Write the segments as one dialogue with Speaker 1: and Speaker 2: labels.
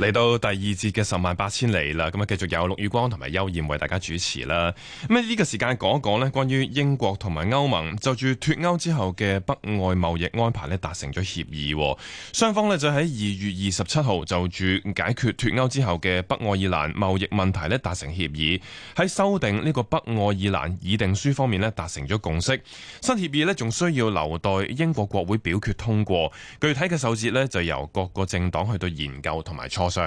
Speaker 1: 嚟到第二節嘅十萬八千里啦，咁啊繼續有陸宇光同埋邱艷為大家主持啦。咁、這、呢個時間講一講咧，關於英國同埋歐盟就住脫歐之後嘅北愛貿易安排咧達成咗協議，雙方咧就喺二月二十七號就住解決脫歐之後嘅北愛爾蘭貿易問題咧達成協議，喺修訂呢個北愛爾蘭議定書方面咧達成咗共識。新協議咧仲需要留待英國國會表決通過，具體嘅細節咧就由各個政黨去到研究同埋措施。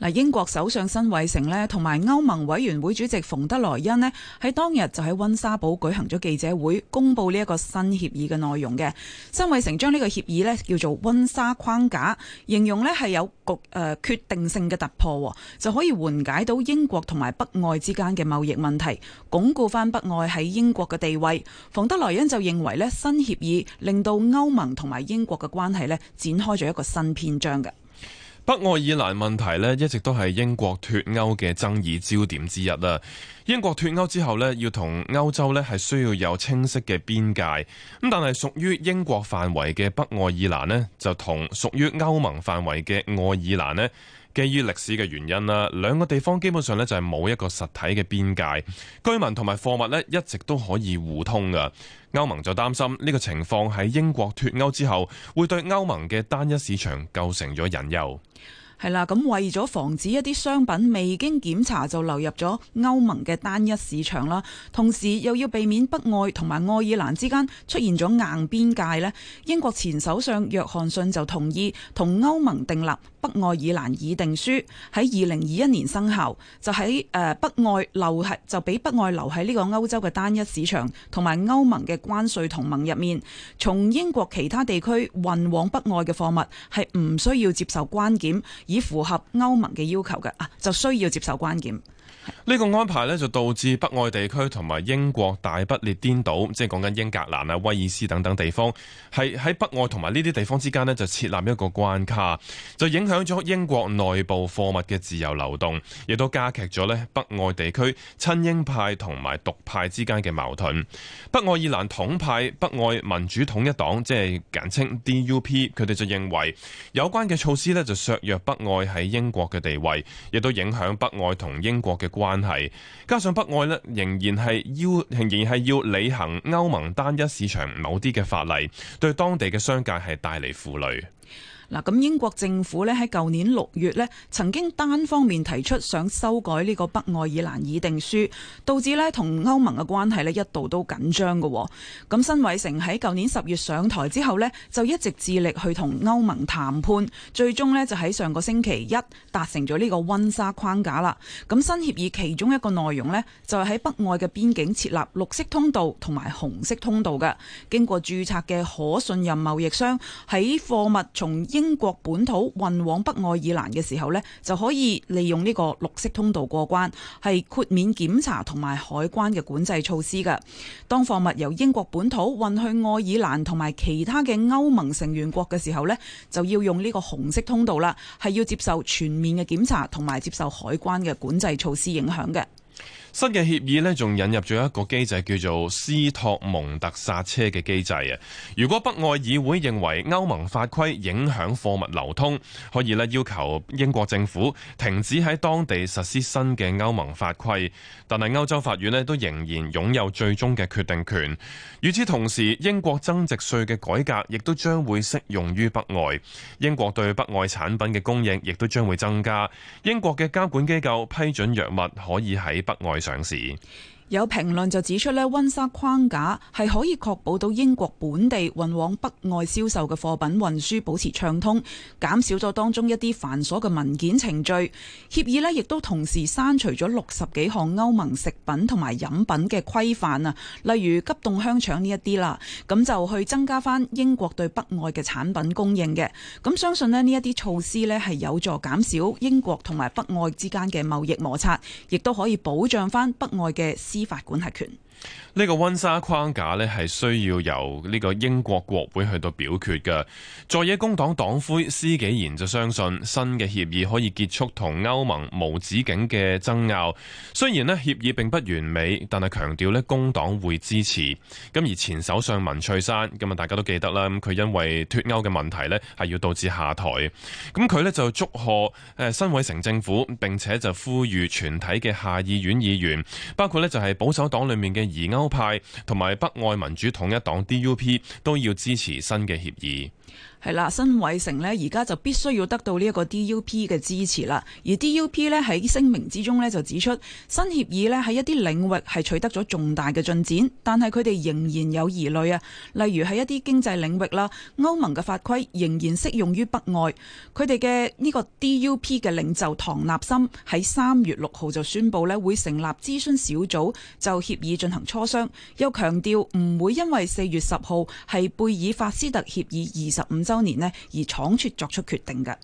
Speaker 2: 嗱，英國首相辛偉誠咧，同埋歐盟委員會主席馮德萊恩咧，喺當日就喺溫莎堡舉行咗記者會，公布呢一個新協議嘅內容嘅。辛偉誠將呢個協議咧叫做溫莎框架，形容咧係有局誒決定性嘅突破，就可以緩解到英國同埋北愛之間嘅貿易問題，鞏固翻北愛喺英國嘅地位。馮德萊恩就認為咧，新協議令到歐盟同埋英國嘅關係咧展開咗一個新篇章嘅。
Speaker 1: 北愛爾蘭問題呢一直都係英國脱歐嘅爭議焦點之一啦。英國脱歐之後呢，要同歐洲呢係需要有清晰嘅邊界。咁但係屬於英國範圍嘅北愛爾蘭呢，就同屬於歐盟範圍嘅愛爾蘭呢。基於歷史嘅原因啦，兩個地方基本上咧就係冇一個實體嘅邊界，居民同埋貨物咧一直都可以互通嘅。歐盟就擔心呢個情況喺英國脱歐之後，會對歐盟嘅單一市場構成咗隱憂。
Speaker 2: 係啦，咁為咗防止一啲商品未經檢查就流入咗歐盟嘅單一市場啦，同時又要避免北愛同埋愛爾蘭之間出現咗硬邊界呢，英國前首相約翰遜就同意同歐盟訂立北愛爾蘭議定書，喺二零二一年生效，就喺誒，北愛留喺，就俾北愛留喺呢個歐洲嘅單一市場同埋歐盟嘅關稅同盟入面，從英國其他地區運往北愛嘅貨物係唔需要接受關檢以符合歐盟嘅要求嘅啊，就需要接受關檢。
Speaker 1: 呢個安排呢就導致北愛地區同埋英國大不列顛島，即係講緊英格蘭啊、威爾斯等等地方，係喺北愛同埋呢啲地方之間咧就設立一個關卡，就影響咗英國內部貨物嘅自由流動，亦都加劇咗北愛地區親英派同埋獨派之間嘅矛盾。北愛爾蘭統派、北愛民主統一黨，即係簡稱 DUP，佢哋就認為有關嘅措施呢就削弱北愛喺英國嘅地位，亦都影響北愛同英國嘅嘅關係，加上北愛呢仍然係要仍然係要履行歐盟單一市場某啲嘅法例，對當地嘅商界係帶嚟負累。嗱，英國政府咧喺舊
Speaker 2: 年六月咧，曾經單方面提出想修改呢個北愛爾蘭議定書，導致咧同歐盟嘅關係咧一度都緊張嘅。咁辛偉誠喺舊年十月上台之後咧，就一直致力去同歐盟談判，最終咧就喺上個星期一達成咗呢個溫莎框架啦。咁新協議其中一個內容呢，就係喺北愛嘅邊境設立綠色通道同埋紅色通道嘅，經過註冊嘅可信任貿易商喺貨物從英英國本土運往北愛爾蘭嘅時候呢，就可以利用呢個綠色通道過關，係豁免檢查同埋海關嘅管制措施嘅。當貨物由英國本土運去愛爾蘭同埋其他嘅歐盟成員國嘅時候呢，就要用呢個紅色通道啦，係要接受全面嘅檢查同埋接受海關嘅管制措施影響嘅。
Speaker 1: 新嘅協議呢，仲引入咗一個機制，叫做斯托蒙特剎車嘅機制啊！如果北愛議會認為歐盟法規影響貨物流通，可以呢要求英國政府停止喺當地實施新嘅歐盟法規。但係歐洲法院呢，都仍然擁有最終嘅決定權。與此同時，英國增值稅嘅改革亦都將會適用於北愛。英國對北愛產品嘅供應亦都將會增加。英國嘅監管機構批准藥物可以喺北愛上市。
Speaker 2: 有評論就指出咧，溫莎框架係可以確保到英國本地運往北愛銷售嘅貨品運輸保持暢通，減少咗當中一啲繁瑣嘅文件程序。協議呢亦都同時刪除咗六十幾項歐盟食品同埋飲品嘅規範啊，例如急凍香腸呢一啲啦，咁就去增加翻英國對北愛嘅產品供應嘅。咁相信咧呢一啲措施呢係有助減少英國同埋北愛之間嘅貿易摩擦，亦都可以保障翻北愛嘅司法管轄權。
Speaker 1: 呢、這個温莎框架咧，係需要由呢個英國國會去到表決嘅。在野工黨黨魁施紀賢就相信新嘅協議可以結束同歐盟無止境嘅爭拗。雖然咧，協議並不完美，但係強調咧工黨會支持。咁而前首相文翠珊咁啊，大家都記得啦。佢因為脫歐嘅問題咧，係要導致下台。咁佢呢就祝賀誒辛偉誠政府，並且就呼籲全體嘅下議院議員，包括呢就係保守黨裏面嘅。疑歐派同埋北愛民主統一黨 DUP 都要支持新嘅協議。
Speaker 2: 係啦，新偉城呢而家就必須要得到呢一個 DUP 嘅支持啦。而 DUP 呢喺聲明之中呢就指出，新協議呢喺一啲領域係取得咗重大嘅進展，但係佢哋仍然有疑慮啊。例如喺一啲經濟領域啦，歐盟嘅法規仍然適用於北愛。佢哋嘅呢個 DUP 嘅領袖唐納森喺三月六號就宣布呢會成立諮詢小組，就協議進行磋商，又強調唔會因為四月十號係貝爾法斯特協議而。十五周年呢，而倉促作出決定嘅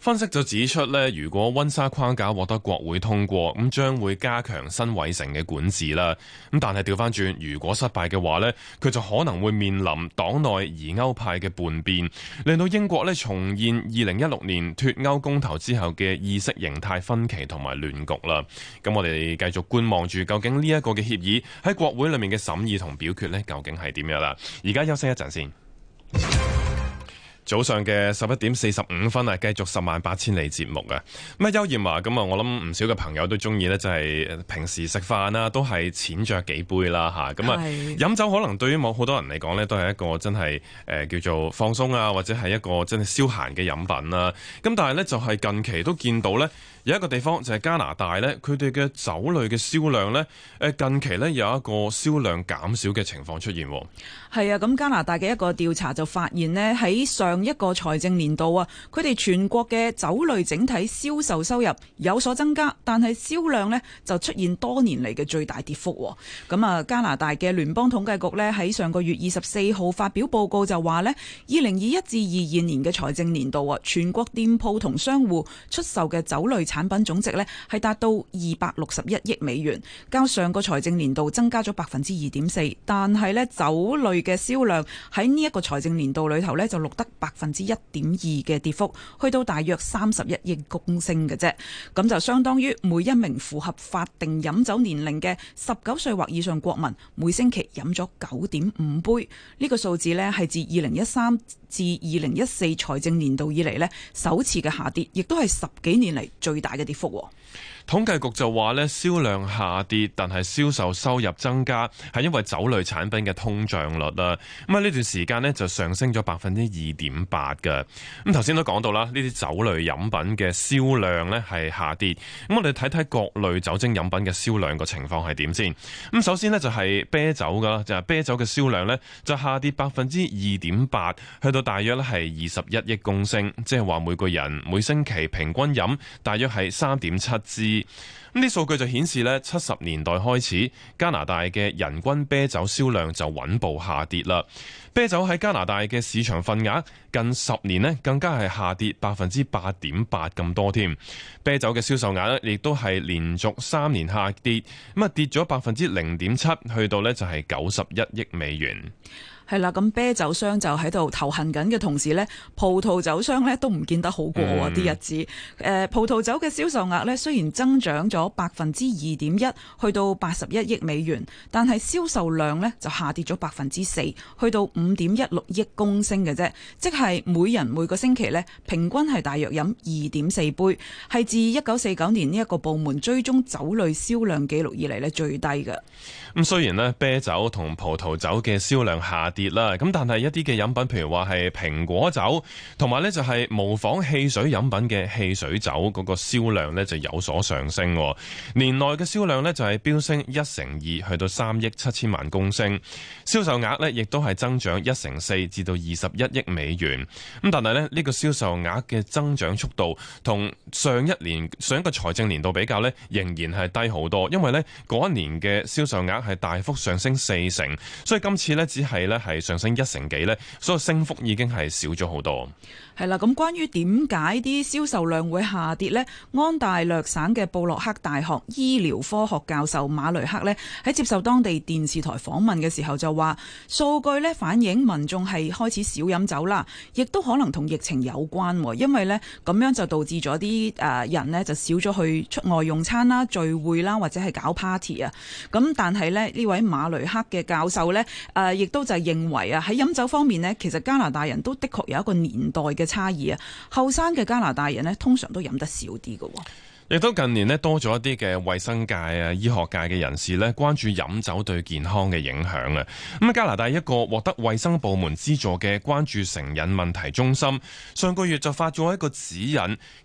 Speaker 1: 分析就指出呢，如果溫莎框架獲得國會通過，咁將會加強辛偉誠嘅管治啦。咁但係調返轉，如果失敗嘅話呢，佢就可能會面臨黨內疑歐派嘅叛變，令到英國呢重現二零一六年脫歐公投之後嘅意識形態分歧同埋亂局啦。咁我哋繼續觀望住究竟呢一個嘅協議喺國會裏面嘅審議同表決呢，究竟係點樣啦？而家休息一陣先。早上嘅十一點四十五分啊，繼續十萬八千里節目啊！咁啊，邱健華咁啊，我諗唔少嘅朋友都中意咧，就係平時食飯啊，都係淺酌幾杯啦吓，咁啊，飲酒可能對於某好多人嚟講咧，都係一個真係誒叫做放鬆啊，或者係一個真係消閒嘅飲品啦。咁但係咧，就係近期都見到咧，有一個地方就係、是、加拿大咧，佢哋嘅酒類嘅銷量咧，誒近期咧有一個銷量減少嘅情況出現，係啊，
Speaker 2: 咁加拿大嘅一個調查就發現咧，喺上上一個財政年度啊，佢哋全國嘅酒類整體銷售收入有所增加，但係銷量呢就出現多年嚟嘅最大跌幅。咁啊，加拿大嘅聯邦統計局呢，喺上個月二十四號發表報告就話呢，二零二一至二二年嘅財政年度啊，全國店鋪同商戶出售嘅酒類產品總值呢，係達到二百六十一億美元，較上個財政年度增加咗百分之二點四，但係呢，酒類嘅銷量喺呢一個財政年度裏頭呢，就錄得。百分之一點二嘅跌幅，去到大約三十一億公升嘅啫，咁就相當於每一名符合法定飲酒年齡嘅十九歲或以上國民，每星期飲咗九點五杯。呢個數字咧係自二零一三至二零一四財政年度以嚟咧首次嘅下跌，亦都係十幾年嚟最大嘅跌幅。
Speaker 1: 統計局就話咧銷量下跌，但係銷售收入增加，係因為酒類產品嘅通脹率啦。咁啊呢段時間呢就上升咗百分之二點八嘅。咁頭先都講到啦，呢啲酒類飲品嘅銷量呢係下跌。咁我哋睇睇各類酒精飲品嘅銷量個情況係點先。咁首先呢，就係、是、啤酒噶啦，就係啤酒嘅銷量呢，就下跌百分之二點八，去到大約咧係二十一億公升，即係話每個人每星期平均飲大約係三點七支。咁啲數據就顯示咧，七十年代開始，加拿大嘅人均啤酒銷量就穩步下跌啦。啤酒喺加拿大嘅市場份額近十年呢更加係下跌百分之八點八咁多添。啤酒嘅銷售額呢亦都係連續三年下跌，咁啊跌咗百分之零點七，去到呢就係九十一億美元。
Speaker 2: 係啦，咁啤酒商就喺度投恨緊嘅同時呢，葡萄酒商呢都唔見得好過啲日子。誒、嗯，葡萄酒嘅銷售額呢，雖然增長咗百分之二點一，去到八十一億美元，但係銷售量呢就下跌咗百分之四，去到五點一六億公升嘅啫，即係每人每個星期呢，平均係大約飲二點四杯，係自一九四九年呢一個部門追蹤酒類銷量紀錄以嚟，呢最低噶。咁
Speaker 1: 雖然呢，啤酒同葡萄酒嘅銷量下跌。啦咁，但係一啲嘅飲品，譬如話係蘋果酒，同埋呢就係模仿汽水飲品嘅汽水酒，嗰個銷量呢就有所上升。年內嘅銷量呢就係飆升一成二，去到三億七千萬公升，銷售額呢亦都係增長一成四至到二十一億美元。咁但係呢，呢個銷售額嘅增長速度，同上一年上一個財政年度比較呢，仍然係低好多，因為呢嗰一年嘅銷售額係大幅上升四成，所以今次呢，只係呢。係上升一成幾呢？所以升幅已經係少咗好多。
Speaker 2: 係啦，咁關於點解啲銷售量會下跌呢？安大略省嘅布洛克大學醫療科學教授馬雷克呢，喺接受當地電視台訪問嘅時候就話：數據呢反映民眾係開始少飲酒啦，亦都可能同疫情有關喎。因為呢，咁樣就導致咗啲誒人呢就少咗去出外用餐啦、聚會啦，或者係搞 party 啊。咁但係呢，呢位馬雷克嘅教授呢，誒、呃、亦都就係認為啊，喺飲酒方面呢，其實加拿大人都的確有一個年代嘅差異啊，後生嘅加拿大人呢，通常都飲得少啲㗎。
Speaker 1: 亦都近年呢多咗一啲嘅衛生界啊、醫學界嘅人士呢關注飲酒對健康嘅影響啊。咁加拿大一個獲得衛生部門資助嘅關注成癮問題中心，上個月就發咗一個指引，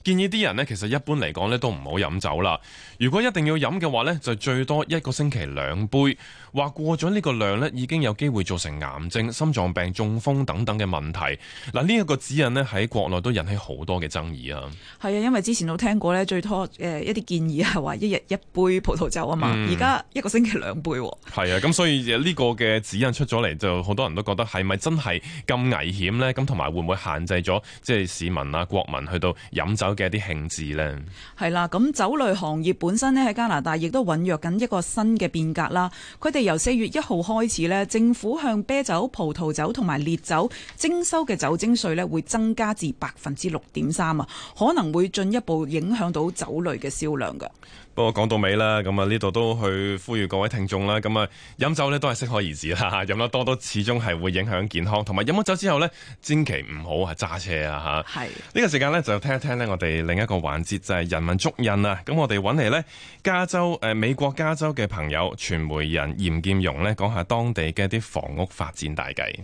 Speaker 1: 建議啲人呢其實一般嚟講呢都唔好飲酒啦。如果一定要飲嘅話呢就最多一個星期兩杯。話過咗呢個量呢已經有機會造成癌症、心臟病、中風等等嘅問題。嗱，呢一個指引呢喺國內都引起好多嘅爭議啊。
Speaker 2: 係啊，因為之前都聽過呢最多。誒一啲建議係話一日一杯葡萄酒啊嘛，嗯，而家一個星期兩杯。
Speaker 1: 係啊，咁所以呢個嘅指引出咗嚟，就好多人都覺得係咪真係咁危險呢？咁同埋會唔會限制咗即係市民啊、國民去到飲酒嘅一啲興致呢？
Speaker 2: 係啦，咁酒類行業本身呢，喺加拿大亦都醞釀緊一個新嘅變革啦。佢哋由四月一號開始呢，政府向啤酒、葡萄酒同埋烈酒徵收嘅酒精稅呢，會增加至百分之六點三啊，可能會進一步影響到酒類。類嘅銷量嘅，
Speaker 1: 不過講到尾啦，咁啊呢度都去呼籲各位聽眾啦，咁啊飲酒咧，都係適可而止啦，飲得多都始終係會影響健康，同埋飲咗酒之後咧，千祈唔好係揸車啊吓。係呢、這個時間咧就聽一聽咧，我哋另一個環節就係、是、人文足印啦，咁我哋揾嚟咧加州誒美國加州嘅朋友傳媒人嚴劍蓉咧講下當地嘅一啲房屋發展大計。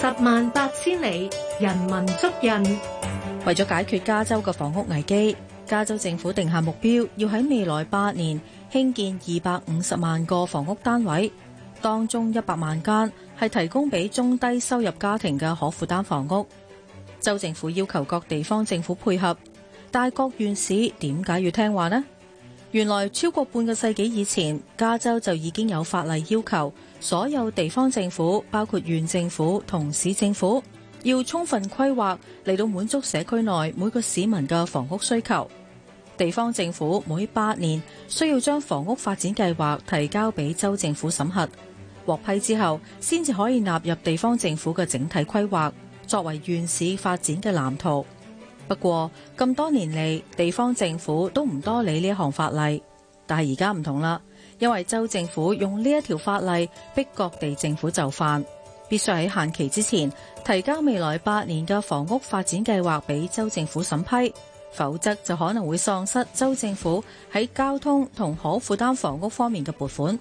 Speaker 3: 十萬八千里，人文足印。為咗解決加州嘅房屋危機，加州政府定下目標，要喺未來八年興建二百五十萬個房屋單位，當中一百萬間係提供俾中低收入家庭嘅可負擔房屋。州政府要求各地方政府配合，但各縣市點解要聽話呢？原來超過半個世紀以前，加州就已經有法例要求所有地方政府，包括縣政府同市政府，要充分規劃嚟到滿足社區內每個市民嘅房屋需求。地方政府每八年需要將房屋發展計劃提交俾州政府審核，獲批之後先至可以納入地方政府嘅整體規劃，作為縣市發展嘅藍圖。不過咁多年嚟，地方政府都唔多理呢項法例，但係而家唔同啦，因為州政府用呢條法例逼各地政府就範，必須喺限期之前提交未來八年嘅房屋發展計劃俾州政府審批，否則就可能會喪失州政府喺交通同可負擔房屋方面嘅撥款，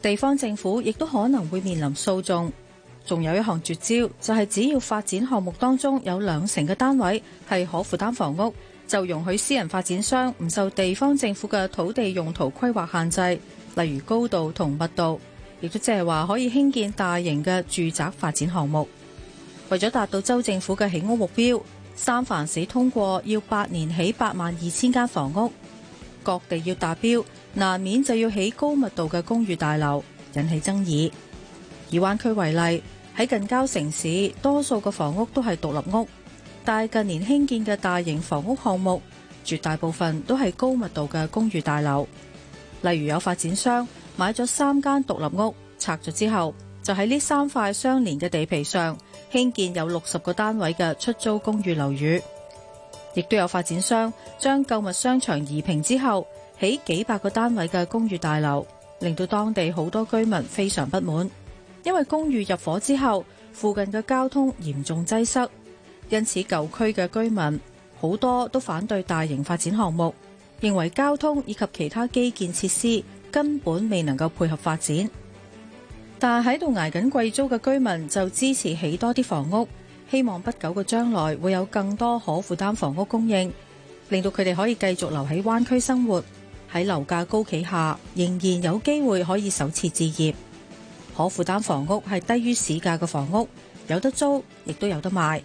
Speaker 3: 地方政府亦都可能會面臨訴訟。仲有一項絕招，就係只要發展項目當中有兩成嘅單位係可負擔房屋，就容許私人發展商唔受地方政府嘅土地用途規劃限制，例如高度同密度。亦都即係話可以興建大型嘅住宅發展項目。為咗達到州政府嘅起屋目標，三藩市通過要八年起八萬二千間房屋，各地要達標，難免就要起高密度嘅公寓大樓，引起爭議。以灣區為例，喺近郊城市，多數嘅房屋都係獨立屋，但近年興建嘅大型房屋項目，絕大部分都係高密度嘅公寓大樓。例如有發展商買咗三間獨立屋，拆咗之後就喺呢三塊相連嘅地皮上興建有六十個單位嘅出租公寓樓宇。亦都有發展商將購物商場移平之後，起幾百個單位嘅公寓大樓，令到當地好多居民非常不滿。因為公寓入伙之後，附近嘅交通嚴重擠塞，因此舊區嘅居民好多都反對大型發展項目，認為交通以及其他基建設施根本未能夠配合發展。但喺度捱緊貴租嘅居民就支持起多啲房屋，希望不久嘅將來會有更多可負擔房屋供應，令到佢哋可以繼續留喺灣區生活。喺樓價高企下，仍然有機會可以首次置業。可負擔房屋係低於市價嘅房屋，有得租亦都有得賣。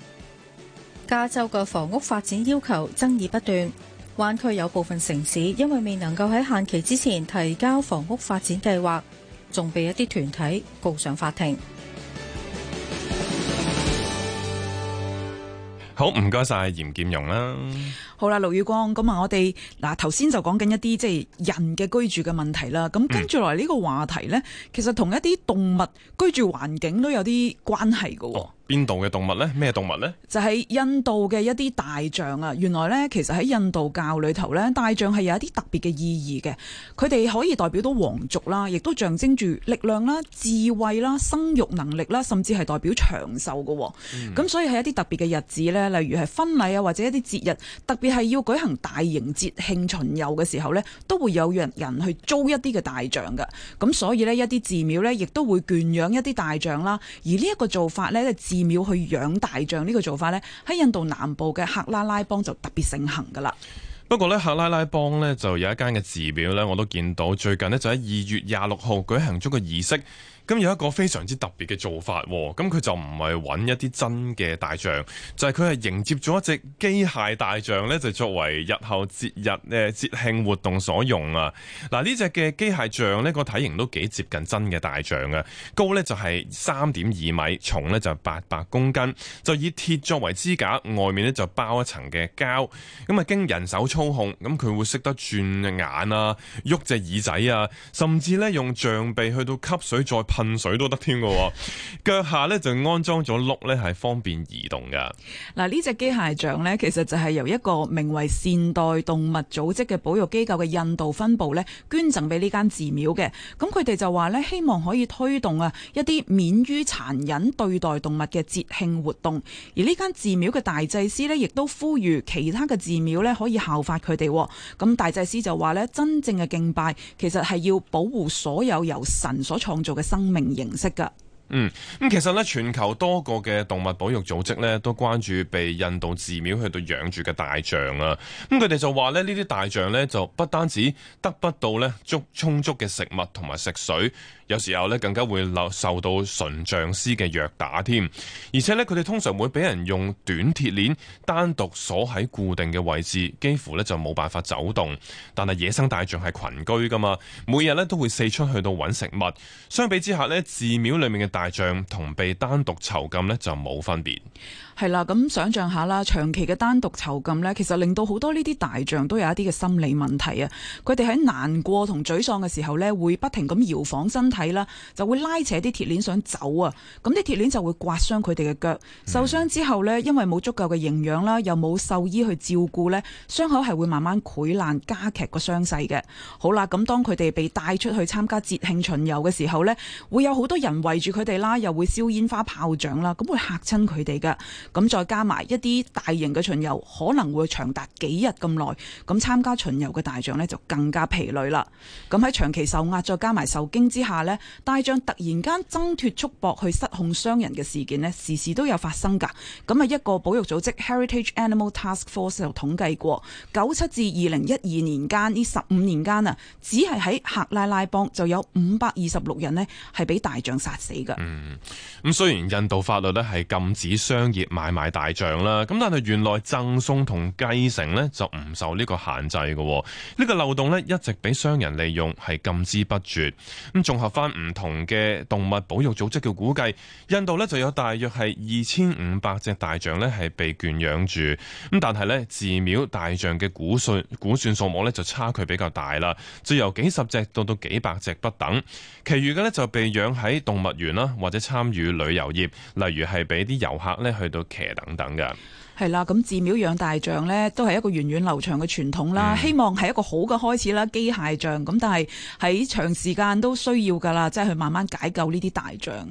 Speaker 3: 加州嘅房屋發展要求爭議不斷，灣區有部分城市因為未能夠喺限期之前提交房屋發展計劃，仲被一啲團體
Speaker 2: 告上法庭。
Speaker 1: 好，唔該晒嚴劍蓉啦。
Speaker 2: 好啦，盧宇光，咁啊，我哋嗱頭先就講緊一啲即係人嘅居住嘅問題啦。咁跟住嚟呢個話題呢、嗯，其實同一啲動物居住環境都有啲關係噶。
Speaker 1: 邊度嘅動物呢？咩動物呢？
Speaker 2: 就係、是、印度嘅一啲大象啊！原來呢，其實喺印度教裏頭呢，大象係有一啲特別嘅意義嘅。佢哋可以代表到皇族啦，亦都象徵住力量啦、智慧啦、生育能力啦，甚至係代表長壽喎。咁、嗯、所以係一啲特別嘅日子呢，例如係婚禮啊，或者一啲節日特別。你係要舉行大型節慶巡遊嘅時候呢，都會有人人去租一啲嘅大象噶。咁所以呢，一啲寺廟呢亦都會圈養一啲大象啦。而呢一個做法呢，寺廟去養大象呢個做法呢，喺印度南部嘅克拉拉邦就特別盛行噶啦。
Speaker 1: 不過呢，克拉拉邦呢就有一間嘅寺廟呢，我都見到最近呢，就喺二月廿六號舉行咗個儀式。咁有一個非常之特別嘅做法，哦，咁佢就唔係揾一啲真嘅大象，就係佢係迎接咗一隻機械大象呢就作為日後節日誒節慶活動所用啊！嗱、啊，呢隻嘅機械象呢個體型都幾接近真嘅大象啊。高呢就係三點二米，重呢就八百公斤，就以鐵作為支架，外面呢就包一層嘅膠，咁啊經人手操控，咁佢會識得轉眼啊，喐隻耳仔啊，甚至呢用象鼻去到吸水再。噴水都得添喎。腳下咧，就安裝咗轆咧，係方便移動㗎。
Speaker 2: 嗱，呢隻機械象呢，其實就係由一個名為善待動物組織嘅保育機構嘅印度分部呢，捐贈俾呢間寺廟嘅。咁佢哋就話呢，希望可以推動啊一啲免於殘忍對待動物嘅節慶活動。而呢間寺廟嘅大祭司呢，亦都呼籲其他嘅寺廟呢，可以效法佢哋。咁大祭司就話呢，真正嘅敬拜其實係要保護所有由神所創造嘅生。名形式噶，
Speaker 1: 嗯，咁其實咧，全球多個嘅動物保育組織咧，都關注被印度寺廟去到養住嘅大象啊，咁佢哋就話咧，呢啲大象咧就不單止得不到咧足充足嘅食物同埋食水。有時候咧更加會受受到馴象師嘅虐打添，而且咧佢哋通常會俾人用短鐵鏈單獨鎖喺固定嘅位置，幾乎咧就冇辦法走動。但係野生大象係群居噶嘛，每日咧都會四出去到揾食物。相比之下咧，寺廟裏面嘅大象同被單獨囚禁咧就冇分別。
Speaker 2: 係啦，咁想像下啦，長期嘅單獨囚禁呢，其實令到好多呢啲大象都有一啲嘅心理問題啊！佢哋喺難過同沮喪嘅時候呢，會不停咁搖晃身體啦，就會拉扯啲鐵鏈想走啊！咁啲鐵鏈就會刮傷佢哋嘅腳，受傷之後呢，因為冇足夠嘅營養啦，又冇獸醫去照顧呢，傷口係會慢慢潰爛，加劇個傷勢嘅。好啦，咁當佢哋被帶出去參加節慶巡遊嘅時候呢，會有好多人圍住佢哋啦，又會燒煙花炮仗啦，咁會嚇親佢哋噶。咁再加埋一啲大型嘅巡遊，可能會長達幾日咁耐。咁參加巡遊嘅大象咧就更加疲累啦。咁喺長期受壓再加埋受驚之下咧，大象突然間掙脫束縛去失控傷人嘅事件咧時時都有發生㗎。咁啊一個保育組織 Heritage Animal Task Force 就統計過九七至二零一二年間呢十五年間啊，只係喺克拉拉邦就有五百二十六人咧係俾大象殺死㗎。嗯，
Speaker 1: 咁雖然印度法律咧係禁止商業。買賣大象啦，咁但係原來贈送同繼承呢，就唔受呢個限制嘅。呢個漏洞呢，一直俾商人利用係禁之不絕。咁綜合翻唔同嘅動物保育組織嘅估計，印度呢就有大約係二千五百隻大象呢係被圈養住，咁但係呢，寺廟大象嘅估算估算數目呢，就差距比較大啦，就由幾十隻到到幾百隻不等。其餘嘅呢，就被養喺動物園啦，或者參與旅遊業，例如係俾啲遊客呢去到。騎等等嘅，
Speaker 2: 係啦，咁寺廟養大象呢都係一個源遠流長嘅傳統啦。嗯、希望係一個好嘅開始啦，機械象咁，但係喺長時間都需要噶啦，即係去慢慢解救呢啲大象。